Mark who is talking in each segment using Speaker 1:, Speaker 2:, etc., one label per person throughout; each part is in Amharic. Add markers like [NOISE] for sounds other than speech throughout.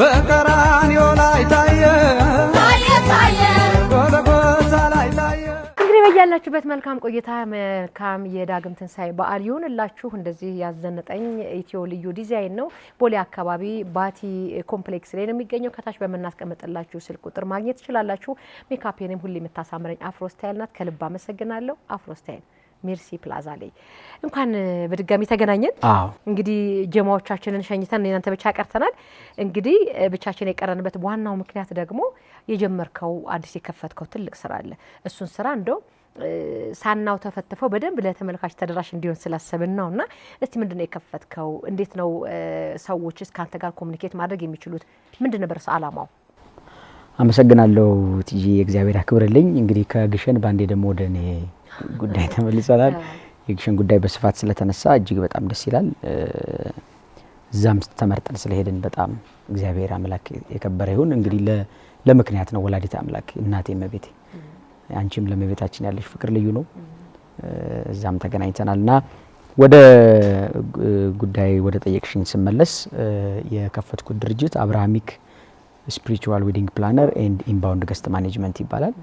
Speaker 1: በቀራንዮ ላይ ታየ መልካም ቆይታ መልካም የዳግም ትንሳኤ በዓል ይሁንላችሁ። እንደዚህ ያዘነጠኝ ኢትዮ ልዩ ዲዛይን ነው። ቦሌ አካባቢ ባቲ ኮምፕሌክስ ላይ ነው የሚገኘው። ከታች በምናስቀምጥላችሁ ስልክ ቁጥር ማግኘት ትችላላችሁ። ሜካፔንም ሁሌ የምታሳምረኝ አፍሮ ስታይል ናት። ከልብ አመሰግናለሁ አፍሮ ስታይል ሜርሲ ፕላዛ ላይ እንኳን በድጋሚ ተገናኘን። እንግዲህ ጀማዎቻችንን ሸኝተን እናንተ ብቻ ቀርተናል። እንግዲህ ብቻችን የቀረንበት ዋናው ምክንያት ደግሞ የጀመርከው አዲስ የከፈትከው ትልቅ ስራ አለ። እሱን ስራ እንደው ሳናው ተፈትፈው በደንብ ለተመልካች ተደራሽ እንዲሆን ስላሰብን ነው። እና እስቲ ምንድነው የከፈትከው? እንዴት ነው ሰዎች ከአንተ ጋር ኮሚኒኬት ማድረግ የሚችሉት? ምንድን ነበር አላማው?
Speaker 2: አመሰግናለሁ ጥዬ፣ እግዚአብሔር አክብርልኝ። እንግዲህ ከግሸን በአንዴ ደግሞ ወደ እኔ ጉዳይ ተመልሰናል። የግሽን ጉዳይ በስፋት ስለተነሳ እጅግ በጣም ደስ ይላል። እዛም ተመርጠን ስለሄድን በጣም እግዚአብሔር አምላክ የከበረ ይሁን። እንግዲህ ለምክንያት ነው ወላዲት አምላክ እናቴ እመቤቴ፣ አንቺም ለእመቤታችን ያለሽ ፍቅር ልዩ ነው። እዛም ተገናኝተናል እና ወደ ጉዳይ ወደ ጠየቅሽኝ ስመለስ የከፈትኩት ድርጅት አብርሃሚክ ስፒሪቹዋል ዌዲንግ ፕላነር ኤንድ ኢንባውንድ ገስት ማኔጅመንት ይባላል።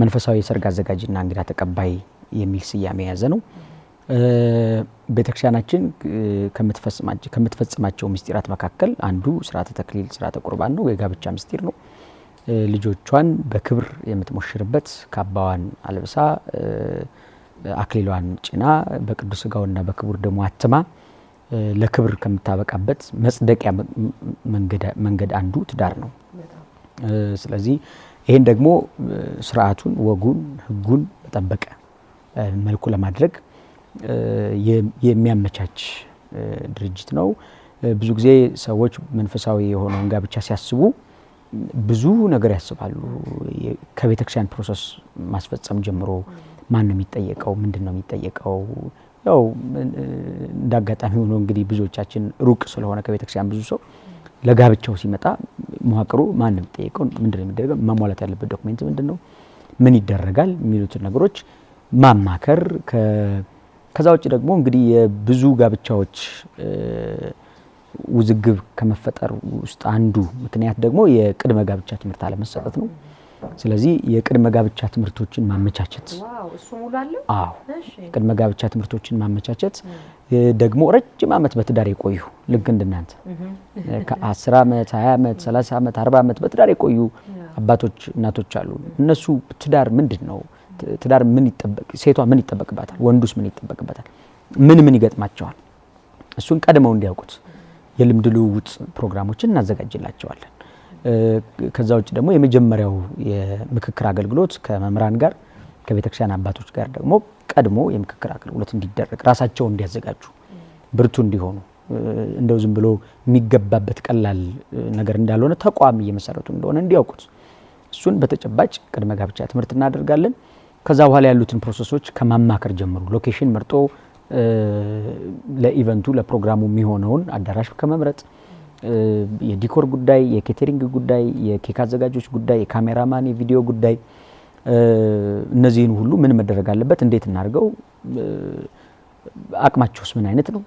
Speaker 2: መንፈሳዊ የሰርግ አዘጋጅና እንግዳ ተቀባይ የሚል ስያሜ የያዘ ነው። ቤተክርስቲያናችን ከምትፈጽማቸው ምስጢራት መካከል አንዱ ስርዓተ ተክሊል፣ ስርዓተ ቁርባን ነው። የጋብቻ ምስጢር ነው። ልጆቿን በክብር የምትሞሽርበት ካባዋን አልብሳ አክሊሏን ጭና በቅዱስ ስጋውና በክቡር ደሞ አትማ ለክብር ከምታበቃበት መጽደቂያ መንገድ አንዱ ትዳር ነው። ስለዚህ ይህን ደግሞ ስርዓቱን፣ ወጉን፣ ህጉን በጠበቀ መልኩ ለማድረግ የሚያመቻች ድርጅት ነው። ብዙ ጊዜ ሰዎች መንፈሳዊ የሆነውን ጋብቻ ሲያስቡ ብዙ ነገር ያስባሉ። ከቤተክርስቲያን ፕሮሰስ ማስፈጸም ጀምሮ ማን ነው የሚጠየቀው? ምንድን ነው የሚጠየቀው? ያው እንዳጋጣሚ ሆኖ እንግዲህ ብዙዎቻችን ሩቅ ስለሆነ ከቤተክርስቲያን ብዙ ሰው ለጋብቻው ሲመጣ መዋቅሩ ማንም ጠይቀው ምንድን ነው የሚደረገው፣ ያለበት ዶክሜንት ምንድን ነው፣ ምን ይደረጋል የሚሉትን ነገሮች ማማከር። ከዛ ውጭ ደግሞ እንግዲህ የብዙ ጋብቻዎች ውዝግብ ከመፈጠር ውስጥ አንዱ ምክንያት ደግሞ የቅድመ ጋብቻ ትምህርት አለመሰጠት ነው። ስለዚህ የቅድመ ጋብቻ ትምህርቶችን ማመቻቸት፣ ቅድመ ጋብቻ ትምህርቶችን ማመቻቸት ደግሞ ረጅም ዓመት በትዳር የቆዩ ልክ እንደናንተ ከ10 ዓመት 20 ዓመት 30 ዓመት 40 ዓመት በትዳር የቆዩ አባቶች እናቶች አሉ። እነሱ ትዳር ምንድን ትዳር ምን ይጠበቅ፣ ሴቷ ምን ይጠበቅባታል? ወንዱስ ምን ይጠበቅበታል? ምን ምን ይገጥማቸዋል? እሱን ቀድመው እንዲያውቁት የልምድ ውጥ ፕሮግራሞችን እናዘጋጅላቸዋለን። ከዛ ውጭ ደግሞ የመጀመሪያው የምክክር አገልግሎት ከመምህራን ጋር ከቤተክርስቲያን አባቶች ጋር ደግሞ ቀድሞ የምክክር አገልግሎት እንዲደረግ ራሳቸው እንዲያዘጋጁ ብርቱ እንዲሆኑ እንደው ዝም ብሎ የሚገባበት ቀላል ነገር እንዳልሆነ ተቋም እየመሰረቱ እንደሆነ እንዲያውቁት እሱን በተጨባጭ ቅድመ ጋብቻ ትምህርት እናደርጋለን። ከዛ በኋላ ያሉትን ፕሮሰሶች ከማማከር ጀምሩ ሎኬሽን መርጦ ለኢቨንቱ ለፕሮግራሙ የሚሆነውን አዳራሽ ከመምረጥ የዲኮር ጉዳይ፣ የኬተሪንግ ጉዳይ፣ የኬክ አዘጋጆች ጉዳይ፣ የካሜራማን፣ የቪዲዮ ጉዳይ እነዚህን ሁሉ ምን መደረግ አለበት? እንዴት እናድርገው? አቅማቸውስ ምን አይነት ነው?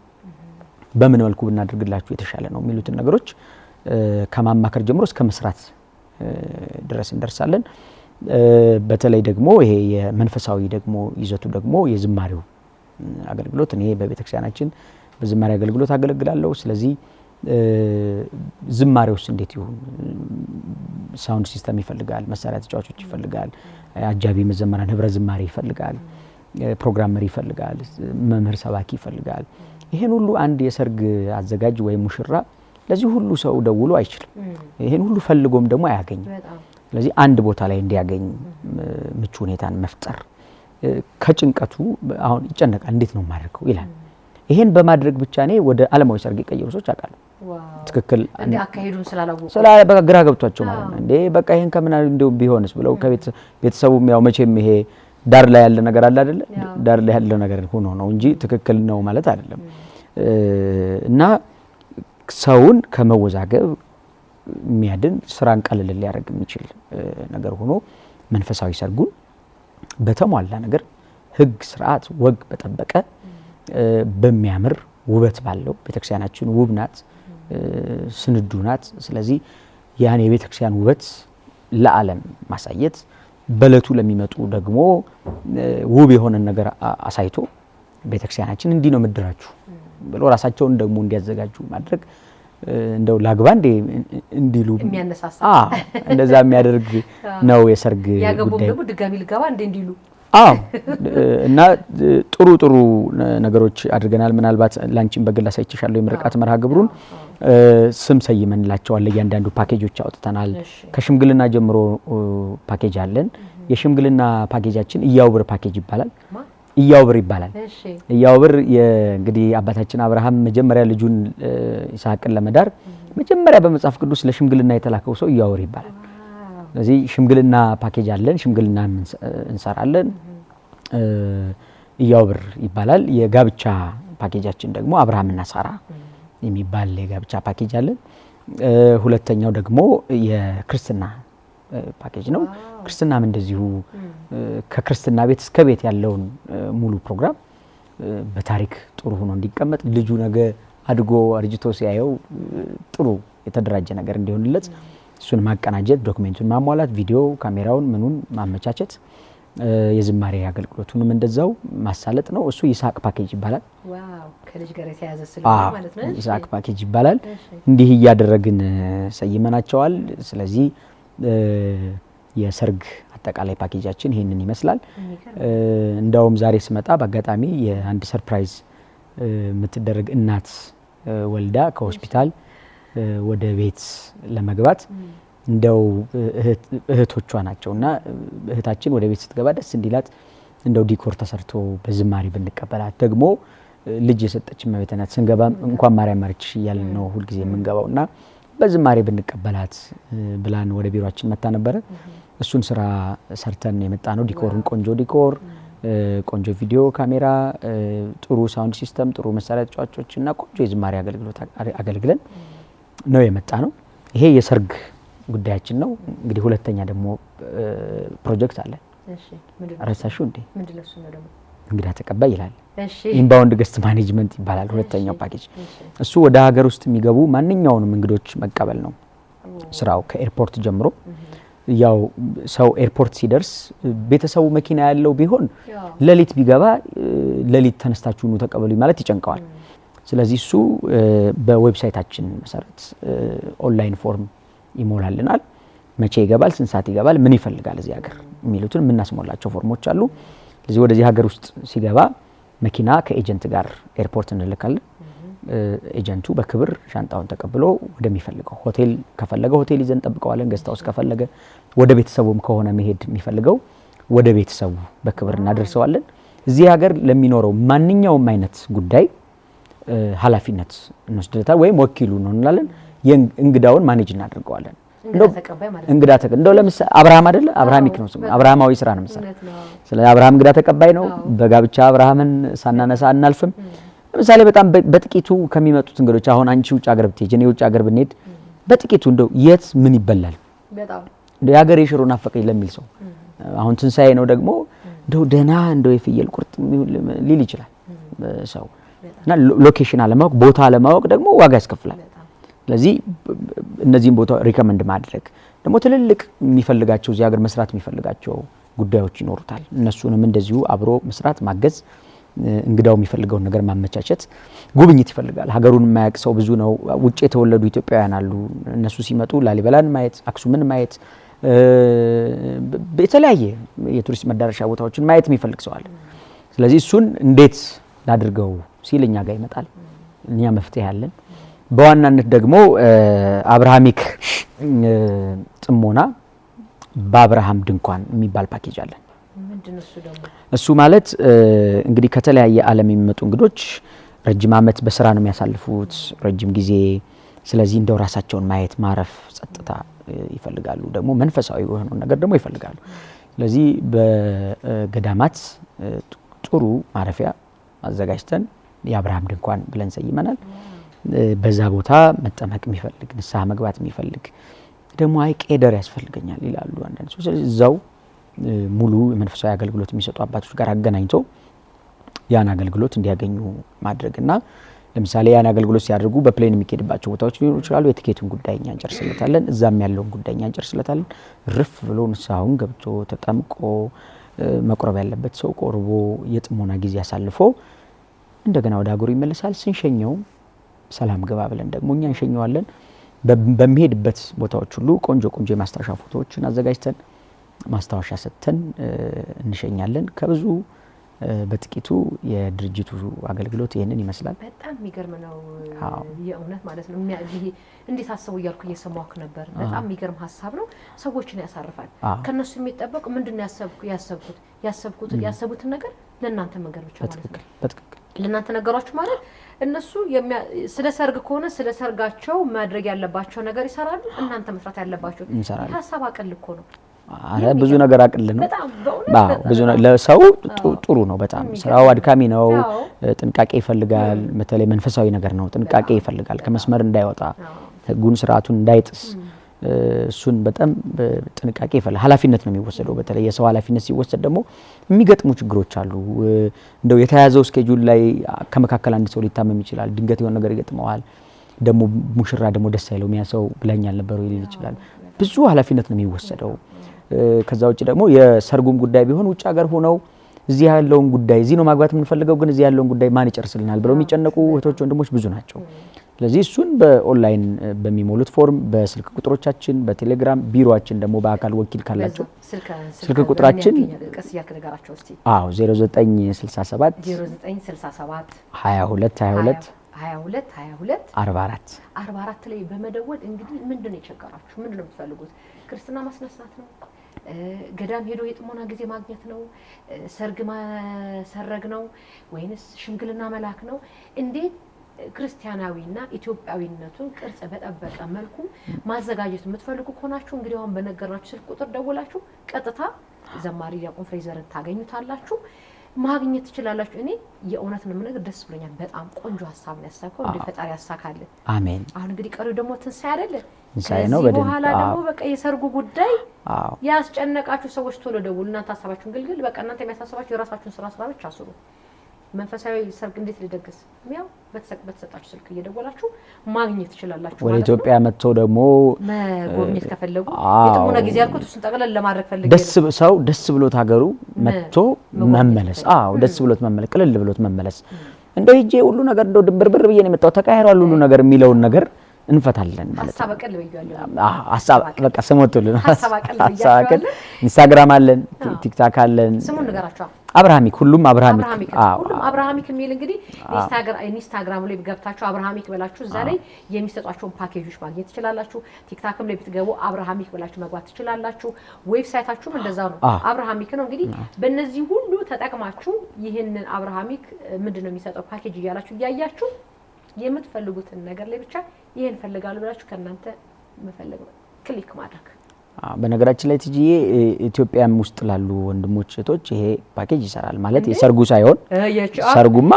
Speaker 2: በምን መልኩ ብናደርግላችሁ የተሻለ ነው የሚሉትን ነገሮች ከማማከር ጀምሮ እስከ መስራት ድረስ እንደርሳለን። በተለይ ደግሞ ይሄ የመንፈሳዊ ደግሞ ይዘቱ ደግሞ የዝማሬው አገልግሎት እኔ በቤተክርስቲያናችን በዝማሬ አገልግሎት አገለግላለሁ። ስለዚህ ዝማሬዎች እንዴት ይሁን? ሳውንድ ሲስተም ይፈልጋል፣ መሳሪያ ተጫዋቾች ይፈልጋል፣ አጃቢ መዘመራን፣ ህብረ ዝማሬ ይፈልጋል፣ ፕሮግራመር ይፈልጋል፣ መምህር ሰባኪ ይፈልጋል። ይህን ሁሉ አንድ የሰርግ አዘጋጅ ወይም ሙሽራ ለዚህ ሁሉ ሰው ደውሎ አይችልም። ይህን ሁሉ ፈልጎም ደግሞ አያገኝም። ስለዚህ አንድ ቦታ ላይ እንዲያገኝ ምቹ ሁኔታን መፍጠር ከጭንቀቱ አሁን ይጨነቃል። እንዴት ነው የማደርገው ይላል። ይሄን በማድረግ ብቻ እኔ ወደ አለማዊ ሰርግ የቀየሩ ሰዎች አውቃለሁ። ትክክል
Speaker 1: አካሄዱን ስላላወቁ
Speaker 2: ግራ ገብቷቸው ማለት ነው። እንዴ በቃ ይሄን ከምን እንደው ቢሆንስ ብለው ከቤተሰቡም ያው መቼም ይሄ ዳር ላይ ያለ ነገር አለ አይደለ? ዳር ላይ ያለ ነገር ሆኖ ነው እንጂ ትክክል ነው ማለት አይደለም። እና ሰውን ከመወዛገብ የሚያድን ስራን ቀልል ሊያደርግ የሚችል ነገር ሆኖ መንፈሳዊ ሰርጉን በተሟላ ነገር ህግ ስርዓት፣ ወግ በጠበቀ በሚያምር ውበት ባለው ቤተክርስቲያናችን ውብ ናት፣ ስንዱ ናት። ስለዚህ ያን የቤተክርስቲያን ውበት ለዓለም ማሳየት በእለቱ ለሚመጡ ደግሞ ውብ የሆነን ነገር አሳይቶ ቤተክርስቲያናችን እንዲህ ነው ምድራችሁ ብሎ ራሳቸውን ደግሞ እንዲያዘጋጁ ማድረግ እንደው ላግባ እንዴ እንዲሉ እንደዛ የሚያደርግ [LAUGHS] ነው የሰርግ ጉዳይ አዎ [LAUGHS] እና ጥሩ ጥሩ ነገሮች አድርገናል። ምናልባት ላንቺን በግል አሳይቼሻለሁ። የምርቃት መርሃ ግብሩን ስም ሰይመንላቸዋል። እያንዳንዱ ፓኬጆች አውጥተናል። ከሽምግልና ጀምሮ ፓኬጅ አለን። የሽምግልና ፓኬጃችን እያውብር ፓኬጅ ይባላል። እያውብር ይባላል። እያውብር እንግዲህ አባታችን አብርሃም መጀመሪያ ልጁን ይስሐቅን ለመዳር መጀመሪያ በመጽሐፍ ቅዱስ ለሽምግልና የተላከው ሰው እያውብር ይባላል። ስለዚህ ሽምግልና ፓኬጅ አለን። ሽምግልና እንሰራለን። እያው ብር ይባላል። የጋብቻ ፓኬጃችን ደግሞ አብርሃምና ሳራ የሚባል የጋብቻ ፓኬጅ አለን። ሁለተኛው ደግሞ የክርስትና ፓኬጅ ነው። ክርስትናም እንደዚሁ ከክርስትና ቤት እስከ ቤት ያለውን ሙሉ ፕሮግራም በታሪክ ጥሩ ሆኖ እንዲቀመጥ ልጁ ነገ አድጎ አርጅቶ ሲያየው ጥሩ የተደራጀ ነገር እንዲሆንለት እሱን ማቀናጀት፣ ዶክሜንቱን ማሟላት፣ ቪዲዮ ካሜራውን ምኑን ማመቻቸት፣ የዝማሬ አገልግሎቱንም እንደዛው ማሳለጥ ነው። እሱ ይስሐቅ ፓኬጅ ይባላል። ይስሐቅ ፓኬጅ ይባላል። እንዲህ እያደረግን ሰይመናቸዋል። ስለዚህ የሰርግ አጠቃላይ ፓኬጃችን ይህንን ይመስላል። እንዳውም ዛሬ ስመጣ በአጋጣሚ የአንድ ሰርፕራይዝ የምትደረግ እናት ወልዳ ከሆስፒታል ወደ ቤት ለመግባት እንደው እህቶቿ ናቸው እና እህታችን ወደ ቤት ስትገባ ደስ እንዲላት እንደው ዲኮር ተሰርቶ በዝማሬ ብንቀበላት ደግሞ ልጅ የሰጠች እመቤት ናት። ስንገባ እንኳን ማርያም ማረችሽ እያልን ነው ሁልጊዜ የምንገባው እና በዝማሬ ብንቀበላት ብላን ወደ ቢሮችን መታ ነበረ። እሱን ስራ ሰርተን የመጣ ነው። ዲኮርን ቆንጆ ዲኮር፣ ቆንጆ ቪዲዮ ካሜራ፣ ጥሩ ሳውንድ ሲስተም፣ ጥሩ መሳሪያ ተጫዋቾች እና ቆንጆ የዝማሬ አገልግሎት አገልግለን ነው የመጣ ነው። ይሄ የሰርግ ጉዳያችን ነው። እንግዲህ ሁለተኛ ደግሞ ፕሮጀክት አለ። ረሳሹ እንዴ እንግዳ ተቀባይ ይላል። ኢንባውንድ ገስት ማኔጅመንት ይባላል ሁለተኛው ፓኬጅ። እሱ ወደ ሀገር ውስጥ የሚገቡ ማንኛውንም እንግዶች መቀበል ነው ስራው ከኤርፖርት ጀምሮ ያው ሰው ኤርፖርት ሲደርስ ቤተሰቡ መኪና ያለው ቢሆን ሌሊት ቢገባ ሌሊት ተነስታችሁኑ ኑ ተቀበሉ ማለት ይጨንቀዋል። ስለዚህ እሱ በዌብሳይታችን መሰረት ኦንላይን ፎርም ይሞላልናል። መቼ ይገባል፣ ስንት ሰዓት ይገባል፣ ምን ይፈልጋል እዚህ ሀገር የሚሉትን የምናስሞላቸው ፎርሞች አሉ። ስለዚህ ወደዚህ ሀገር ውስጥ ሲገባ መኪና ከኤጀንት ጋር ኤርፖርት እንልካለን። ኤጀንቱ በክብር ሻንጣውን ተቀብሎ ወደሚፈልገው ሆቴል ከፈለገ ሆቴል ይዘን ጠብቀዋለን። ገስት ከፈለገ ወደ ቤተሰቡም ከሆነ መሄድ የሚፈልገው ወደ ቤተሰቡ በክብር እናደርሰዋለን። እዚህ ሀገር ለሚኖረው ማንኛውም አይነት ጉዳይ ኃላፊነት እንወስድለታል ወይም ወኪሉ ነው እንላለን። እንግዳውን ማኔጅ እናደርገዋለን። እንግዳ ተቀባይ እንደው ለምሳሌ አብርሃም አይደለ አብርሃሚክ ነው ስሙ አብርሃማዊ ስራ ነው ምሳሌ ስለ አብርሃም እንግዳ ተቀባይ ነው። በጋብቻ አብርሃምን ሳናነሳ አናልፍም። ለምሳሌ በጣም በጥቂቱ ከሚመጡት እንግዶች አሁን አንቺ ውጭ ሀገር ብትሄጂ እኔ ውጭ ሀገር ብንሄድ በጥቂቱ እንደው የት ምን ይበላል እንደው የሀገሬ ሽሮ ናፈቀኝ ለሚል ሰው አሁን ትንሳኤ ነው ደግሞ እንደው ደህና እንደው የፍየል ቁርጥ ሊል ይችላል ሰው እና ሎኬሽን አለማወቅ ቦታ አለማወቅ ደግሞ ዋጋ ያስከፍላል። ስለዚህ እነዚህም ቦታ ሪከመንድ ማድረግ ደግሞ ትልልቅ የሚፈልጋቸው እዚህ ሀገር መስራት የሚፈልጋቸው ጉዳዮች ይኖሩታል። እነሱንም እንደዚሁ አብሮ መስራት ማገዝ፣ እንግዳው የሚፈልገውን ነገር ማመቻቸት። ጉብኝት ይፈልጋል። ሀገሩን የማያውቅ ሰው ብዙ ነው። ውጭ የተወለዱ ኢትዮጵያውያን አሉ። እነሱ ሲመጡ ላሊበላን ማየት፣ አክሱምን ማየት፣ የተለያየ የቱሪስት መዳረሻ ቦታዎችን ማየት የሚፈልግ ሰዋል። ስለዚህ እሱን እንዴት ላድርገው ሲል እኛ ጋር ይመጣል። እኛ መፍትሄ ያለን በዋናነት ደግሞ አብርሃሚክ ጥሞና በአብርሃም ድንኳን የሚባል ፓኬጅ አለን። እሱ ማለት እንግዲህ ከተለያየ ዓለም የሚመጡ እንግዶች ረጅም ዓመት በስራ ነው የሚያሳልፉት፣ ረጅም ጊዜ። ስለዚህ እንደው ራሳቸውን ማየት፣ ማረፍ፣ ጸጥታ ይፈልጋሉ። ደግሞ መንፈሳዊ የሆነውን ነገር ደግሞ ይፈልጋሉ። ስለዚህ በገዳማት ጥሩ ማረፊያ አዘጋጅተን የአብርሃም ድንኳን ብለን ሰይመናል። በዛ ቦታ መጠመቅ የሚፈልግ ንስሐ መግባት የሚፈልግ ደግሞ አይ ቄደር ያስፈልገኛል ይላሉ አንዳንድ ሰው። ስለዚህ እዛው ሙሉ የመንፈሳዊ አገልግሎት የሚሰጡ አባቶች ጋር አገናኝቶ ያን አገልግሎት እንዲያገኙ ማድረግና ለምሳሌ ያን አገልግሎት ሲያደርጉ በፕሌን የሚኬድባቸው ቦታዎች ሊኖሩ ይችላሉ። የትኬቱን ጉዳይ እኛ እንጨርስለታለን። እዛም ያለውን ጉዳይ እኛ እንጨርስለታለን። ርፍ ብሎ ንስሐውን ገብቶ ተጠምቆ መቁረብ ያለበት ሰው ቆርቦ የጥሞና ጊዜ አሳልፎ እንደገና ወደ ሀገሩ ይመለሳል። ስንሸኘውም ሰላም ግባ ብለን ደግሞ እኛ እንሸኘዋለን። በሚሄድበት ቦታዎች ሁሉ ቆንጆ ቆንጆ የማስታወሻ ፎቶዎችን አዘጋጅተን ማስታወሻ ሰጥተን እንሸኛለን። ከብዙ በጥቂቱ የድርጅቱ አገልግሎት ይህንን ይመስላል።
Speaker 1: በጣም የሚገርም ነው፣ የእውነት ማለት ነው። እንዴት አሰቡ እያልኩ እየሰማክ ነበር። በጣም የሚገርም ሀሳብ ነው፣ ሰዎችን ያሳርፋል። ከእነሱ የሚጠበቅ ምንድን ነው? ያሰብኩት ያሰብኩትን ነገር ለእናንተ መንገድ ብቻ
Speaker 2: ማለት ነው።
Speaker 1: ለእናንተ ነገሯችሁ ማለት እነሱ ስለ ሰርግ ከሆነ ስለ ሰርጋቸው ማድረግ ያለባቸው ነገር ይሰራሉ። እናንተ መስራት ያለባቸው ሀሳብ አቅል እኮ ነው።
Speaker 2: አረ ብዙ ነገር አቅል ነው።
Speaker 1: ብዙ ለሰው
Speaker 2: ጥሩ ነው። በጣም ስራው አድካሚ ነው። ጥንቃቄ ይፈልጋል። በተለይ መንፈሳዊ ነገር ነው። ጥንቃቄ ይፈልጋል። ከመስመር እንዳይወጣ ህጉን ስርዓቱን እንዳይጥስ እሱን በጣም ጥንቃቄ ይፈላል። ኃላፊነት ነው የሚወሰደው። በተለይ የሰው ኃላፊነት ሲወሰድ ደግሞ የሚገጥሙ ችግሮች አሉ። እንደው የተያዘው እስኬጁል ላይ ከመካከል አንድ ሰው ሊታመም ይችላል። ድንገት የሆነ ነገር ይገጥመዋል። ደግሞ ሙሽራ ደግሞ ደስ አይለው ሚያ ሰው ብላኝ ነበረው ይል ይችላል። ብዙ ኃላፊነት ነው የሚወሰደው። ከዛ ውጭ ደግሞ የሰርጉም ጉዳይ ቢሆን ውጭ ሀገር ሆነው እዚህ ያለውን ጉዳይ እዚህ ነው ማግባት የምንፈልገው፣ ግን እዚህ ያለውን ጉዳይ ማን ይጨርስልናል ብለው የሚጨነቁ እህቶች ወንድሞች ብዙ ናቸው። ስለዚህ እሱን በኦንላይን በሚሞሉት ፎርም በስልክ ቁጥሮቻችን በቴሌግራም ቢሮችን ደግሞ በአካል ወኪል ካላቸው
Speaker 1: ስልክ ቁጥራችን አዎ ሁለት አርባ አራት አርባ አራት ላይ በመደወል እንግዲህ ምንድን ነው የቸገራችሁ? ምንድን ነው የምትፈልጉት? ክርስትና ማስነሳት ነው? ገዳም ሄዶ የጥሞና ጊዜ ማግኘት ነው? ሰርግ ማሰረግ ነው? ወይንስ ሽምግልና መላክ ነው? እንዴት ክርስቲያናዊና ኢትዮጵያዊነቱን ቅርጽ በጠበቀ መልኩ ማዘጋጀት የምትፈልጉ ከሆናችሁ እንግዲህ አሁን በነገርናችሁ ስልክ ቁጥር ደውላችሁ ቀጥታ ዘማሪ ዲያቆን ፍሬዘርን ታገኙታላችሁ፣ ማግኘት ትችላላችሁ። እኔ የእውነት ነው የምነግርህ፣ ደስ ብሎኛል። በጣም ቆንጆ ሀሳብ ነው ያሳካው። እንደ ፈጣሪ ያሳካልን። አሜን። አሁን እንግዲህ ቀሪው ደግሞ ትንሳኤ አይደለ? ከዚህ በኋላ ደግሞ በቃ የሰርጉ ጉዳይ ያስጨነቃችሁ ሰዎች ቶሎ ደውሉ። እናንተ ሀሳባችሁን ግልግል በቃ እናንተ የሚያሳስባችሁ የራሳችሁን ስራ ስራ ብቻ ስሩ። መንፈሳዊ ሰርግ እንዴት ልደግስ ያው በተሰጣችሁ ስልክ እየደወላችሁ ማግኘት ትችላላችሁ። ወደ ኢትዮጵያ
Speaker 2: መጥቶ ደግሞ መጎብኘት ከፈለጉ የጥሞነ ጊዜ ያልኩት
Speaker 1: እሱን ጠቅለል ለማድረግ ፈልጌ
Speaker 2: ሰው ደስ ብሎት ሀገሩ መጥቶ መመለስ። አዎ ደስ ብሎት መመለስ፣ ቅልል ብሎት መመለስ። እንደው ሂጄ ሁሉ ነገር እንደው ድንብርብር ብዬ ነው የመጣው ተቃይሯል ሁሉ ነገር የሚለውን ነገር እንፈታለን ማለት ነው። ሀሳብ በቃ ስም ወጥቶልን ኢንስታግራም አለን፣ ቲክታክ አለን። ስሙን ንገራቸው። አብርሃሚክ ሁሉም አብርሃሚክ ሁሉም
Speaker 1: አብርሃሚክ የሚል እንግዲህ ኢንስታግራም ላይ ገብታችሁ አብርሃሚክ ብላችሁ እዛ ላይ የሚሰጧቸውን ፓኬጆች ማግኘት ትችላላችሁ። ቲክታክም ላይ ብትገቡ አብርሃሚክ ብላችሁ መግባት ትችላላችሁ። ዌብሳይታችሁም እንደዛው ነው፣ አብርሃሚክ ነው። እንግዲህ በእነዚህ ሁሉ ተጠቅማችሁ ይህንን አብርሃሚክ ምንድን ነው የሚሰጠው ፓኬጅ እያላችሁ እያያችሁ የምትፈልጉትን ነገር ላይ ብቻ ይህን ፈልጋሉ ብላችሁ ከእናንተ መፈለግ ክሊክ ማድረግ።
Speaker 2: በነገራችን ላይ ትጅዬ ኢትዮጵያም ውስጥ ላሉ ወንድሞች እህቶች ይሄ ፓኬጅ ይሰራል ማለት የሰርጉ ሳይሆን ሰርጉማ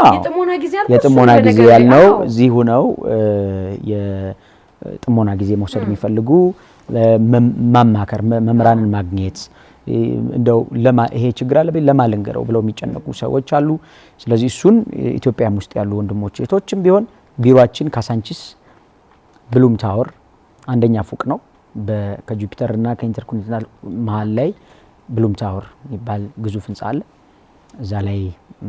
Speaker 1: የጥሞና ጊዜ ያልነው
Speaker 2: እዚህ ሁነው የጥሞና ጊዜ መውሰድ የሚፈልጉ ማማከር፣ መምህራንን ማግኘት እንደው ይሄ ችግር አለብኝ ለማልንገረው ብለው የሚጨነቁ ሰዎች አሉ። ስለዚህ እሱን ኢትዮጵያም ውስጥ ያሉ ወንድሞች እህቶችም ቢሆን ቢሮአችን ካሳንቺስ ብሉም ታወር አንደኛ ፎቅ ነው። ከጁፒተር እና ከኢንተርኮንቲናል መሀል ላይ ብሉም ታወር የሚባል ግዙፍ ህንፃ አለ። እዛ ላይ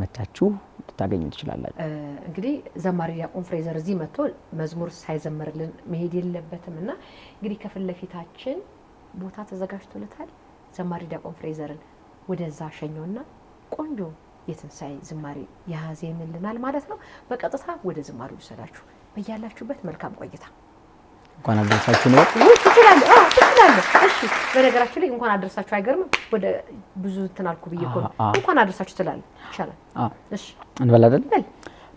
Speaker 2: መታችሁ ልታገኙ ትችላላችሁ።
Speaker 1: እንግዲህ ዘማሪ ዲያቆን ፍሬዘር እዚህ መጥቶ መዝሙር ሳይዘመርልን መሄድ የለበትም እና እንግዲህ ከፊት ለፊታችን ቦታ ተዘጋጅቶለታል። ዘማሪ ዲያቆን ፍሬዘርን ወደዛ ሸኘውና ቆንጆ የትንሣኤ ዝማሬ ያዜምልናል ማለት ነው። በቀጥታ ወደ ዝማሬ ውሰዳችሁ በያላችሁበት መልካም ቆይታ።
Speaker 2: እንኳን አደረሳችሁ ነው እሺ
Speaker 1: በነገራችሁ ላይ እንኳን አደረሳችሁ አይገርምም። ወደ ብዙ እንትን አልኩ ብዬ እኮ ነው። እንኳን አደረሳችሁ ትላለ ይሻላል። እሺ
Speaker 2: እንበል አይደል?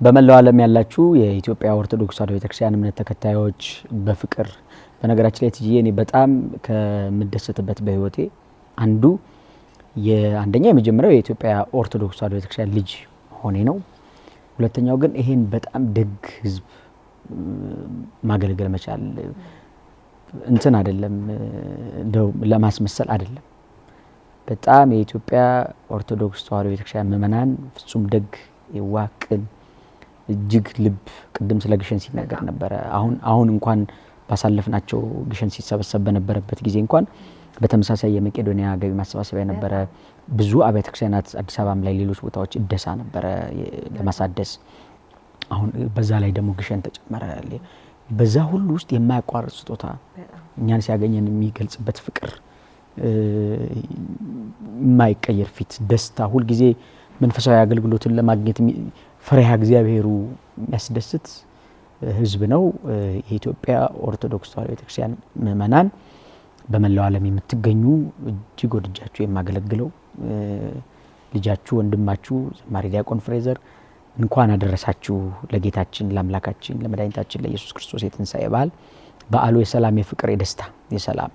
Speaker 2: በመላው ዓለም ያላችሁ የኢትዮጵያ ኦርቶዶክስ ተዋሕዶ ቤተክርስቲያን እምነት ተከታዮች በፍቅር በነገራችን ላይ ትዬ እኔ በጣም ከምደሰትበት በህይወቴ አንዱ አንደኛ የመጀመሪያው የኢትዮጵያ ኦርቶዶክስ ተዋሕዶ ቤተክርስቲያን ልጅ ሆኔ ነው። ሁለተኛው ግን ይሄን በጣም ደግ ህዝብ ማገልገል መቻል እንትን አይደለም፣ እንደው ለማስመሰል አይደለም። በጣም የኢትዮጵያ ኦርቶዶክስ ተዋህዶ ቤተክርስቲያን ምእመናን ፍጹም ደግ፣ የዋህ፣ ቅን እጅግ ልብ ቅድም ስለ ግሸን ሲነገር ነበረ። አሁን አሁን እንኳን ባሳለፍናቸው ግሸን ሲሰበሰብ በነበረበት ጊዜ እንኳን በተመሳሳይ የመቄዶንያ ገቢ ማሰባሰቢያ ነበረ። ብዙ አብያተ ክርስቲያናት አዲስ አበባም ላይ ሌሎች ቦታዎች እደሳ ነበረ ለማሳደስ። አሁን በዛ ላይ ደግሞ ግሸን ተጨመረ። በዛ ሁሉ ውስጥ የማያቋርጥ ስጦታ እኛን ሲያገኘን የሚገልጽበት ፍቅር፣ የማይቀየር ፊት፣ ደስታ፣ ሁልጊዜ መንፈሳዊ አገልግሎትን ለማግኘት ፍሬሃ እግዚአብሔሩ የሚያስደስት ህዝብ ነው። የኢትዮጵያ ኦርቶዶክስ ተዋሕዶ ቤተክርስቲያን ምእመናን በመላው ዓለም የምትገኙ እጅግ ወድጃችሁ የማገለግለው ልጃችሁ ወንድማችሁ ዘማሪ ዲያቆን ፍሬዘር እንኳን አደረሳችሁ ለጌታችን ለአምላካችን ለመድኃኒታችን ለኢየሱስ ክርስቶስ የትንሣኤ በዓል። በዓሉ የሰላም የፍቅር፣ የደስታ፣ የሰላም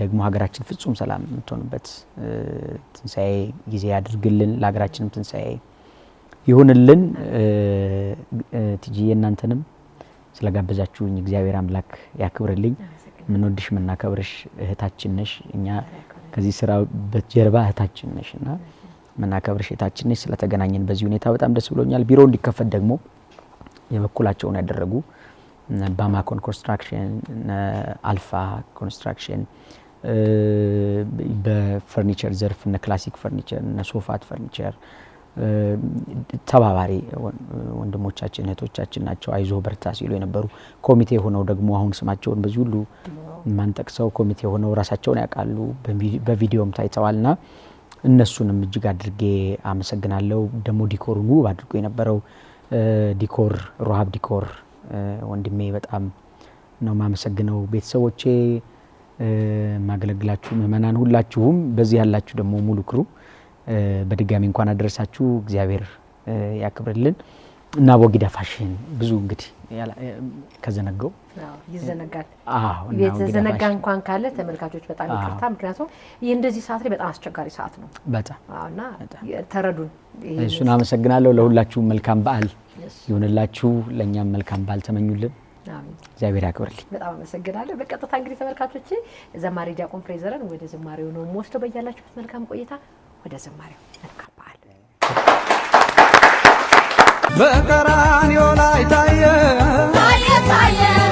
Speaker 2: ደግሞ ሀገራችን ፍጹም ሰላም የምትሆንበት ትንሣኤ ጊዜ ያድርግልን። ለሀገራችንም ትንሣኤ ይሁንልን። ትጂ እናንተንም ስለጋበዛችሁኝ እግዚአብሔር አምላክ ያክብርልኝ። የምንወድሽ ምናከብርሽ እህታችን ነሽ። እኛ ከዚህ ስራ በጀርባ እህታችን ነሽ እና የምናከብርሽ እህታችን ነሽ። ስለተገናኘን በዚህ ሁኔታ በጣም ደስ ብሎኛል። ቢሮ እንዲከፈት ደግሞ የበኩላቸውን ያደረጉ ባማኮን ኮንስትራክሽን፣ አልፋ ኮንስትራክሽን በፈርኒቸር ዘርፍ እነ ክላሲክ ፈርኒቸር እነ ሶፋት ፈርኒቸር ተባባሪ ወንድሞቻችን እህቶቻችን ናቸው። አይዞ በርታ ሲሉ የነበሩ ኮሚቴ ሆነው ደግሞ አሁን ስማቸውን በዚህ ሁሉ ማንጠቅሰው ኮሚቴ ሆነው ራሳቸውን ያውቃሉ፣ በቪዲዮም ታይተዋል። ና እነሱንም እጅግ አድርጌ አመሰግናለሁ። ደግሞ ዲኮሩን ውብ አድርጎ የነበረው ዲኮር ሮሃብ ዲኮር ወንድሜ በጣም ነው ማመሰግነው። ቤተሰቦቼ ማገለግላችሁ ምእመናን ሁላችሁም በዚህ ያላችሁ ደግሞ ሙሉ ክሩ በድጋሚ እንኳን አደረሳችሁ። እግዚአብሔር ያክብርልን እና ቦጊዳ ፋሽን ብዙ እንግዲህ ከዘነገው
Speaker 1: ይዘነጋል። የተዘነጋ እንኳን ካለ ተመልካቾች በጣም ይቅርታ። ምክንያቱም ይህ እንደዚህ ሰዓት ላይ በጣም አስቸጋሪ ሰዓት ነው። በጣም ተረዱን። እሱን
Speaker 2: አመሰግናለሁ። ለሁላችሁ መልካም በዓል ይሁንላችሁ። ለእኛም መልካም በዓል ተመኙልን። እግዚአብሔር ያክብርልኝ።
Speaker 1: በጣም አመሰግናለሁ። በቀጥታ እንግዲህ ተመልካቾች ዘማሪ ዲያቆን ፍሬዘረን ወደ ዝማሬው ነው የምወስደው። በያላችሁበት መልካም ቆይታ ወደ ዝማሬው መልካም በዓል። በቀራንዮ ላይ ታየ ታየ